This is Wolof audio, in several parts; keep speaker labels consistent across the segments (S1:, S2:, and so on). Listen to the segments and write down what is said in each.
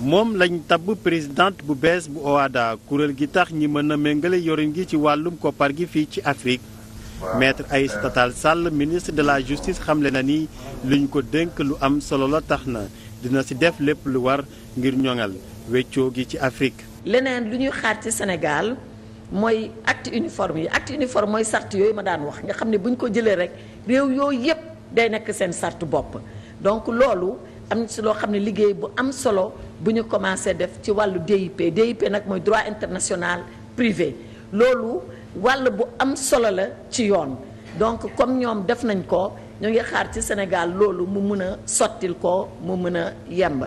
S1: moom lañ tabb présidente bu bees bu OHADA kuréel gi tax ñi mën na méngale yorin gi ci wàllum koppar gi fii ci Afrique. maître ay Tall sàll ministre de la justice xamle na ni luñ ko dénk lu am solo la tax na dina ci def lépp lu war ngir ñoŋal weccoo gi ci Afrique.
S2: leneen lu ñuy xaar ci Sénégal mooy acte uniforme yi acte uniforme mooy sart yooyu ma daan wax nga xam ne bu ñu ko jëlee rek réew yooyu yëpp day nekk seen sart bopp donc loolu. am si loo xam ne liggéey bu am solo bu ñu commencé def ci wàllu DIP DIP nag mooy droit international privé loolu wàll bu am solo la ci yoon donc comme ñoom def nañ ko ñu ngi xaar ci Sénégal loolu mu mën a sottil ko mu mën a yemb.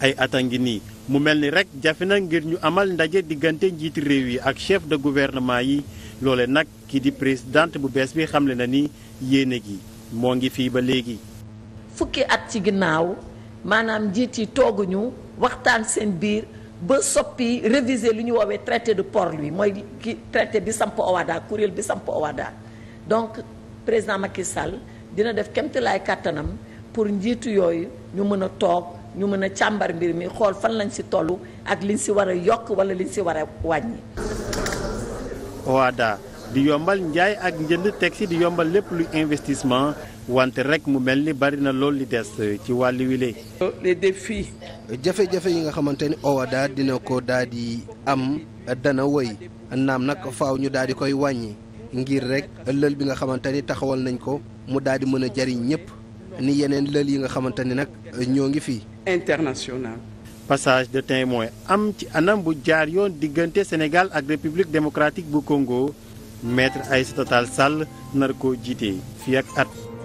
S1: ay ata ngi nii mu mel ni rek jafe na ngir ñu amal ndaje diggante njiiti réew yi ak chef de gouvernement yi loole nag ki di présidente bu bees bi xamle na ni yéene gi moo ngi fii ba léegi. fukki
S2: at ci ginnaaw maanaam njiit yi tooguñu waxtaan seen biir ba soppi réviser lu ñu woowee traité de Port-Louis mooy ki traité bi samp OHADA kuréel bi samp OHADA donc président Macky Sall dina def kemtalaay kàttanam pour njiitu yooyu ñu mën a toog ñu mën a càmbar mbir mi xool fan lañ si toll ak liñ si war a yokk wala liñ si war a wàññi.
S1: OHADA di yombal njaay ak njënd teg si di yombal lépp lu investissement wante rek mu mel ni bari na lool li des
S3: ci wàllu wile. les défis. jafe-jafe yi nga xamante ni OHADA dina ko daal di am dana woy naam nag faaw ñu daal di koy wàññi ngir rek lël bi nga xamante ni taxawal nañ ko mu daal di mën a jariñ ñëpp ni yeneen lël yi nga xamante ni nag ñoo ngi fii.
S1: international. passage de témoin am ci anam bu jaar yoon diggante Sénégal ak République démocratique bu Congo. maître ay Tall Sall nar ko jiite fii ak at.